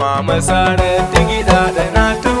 mama sare digida da na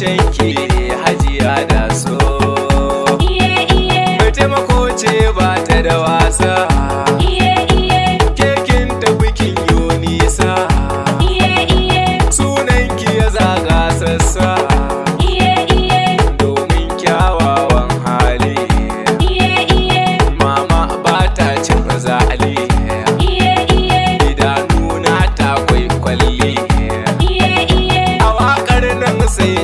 gaishen ki hajiya da so mai taimako ce ba ta da wasa kekin bikin yunisa. yo nisa sunan ki ya zaga sassa domin kyawawan hali mama ba ta cin zali idanuna ta kwaikwalli a waƙar nan sai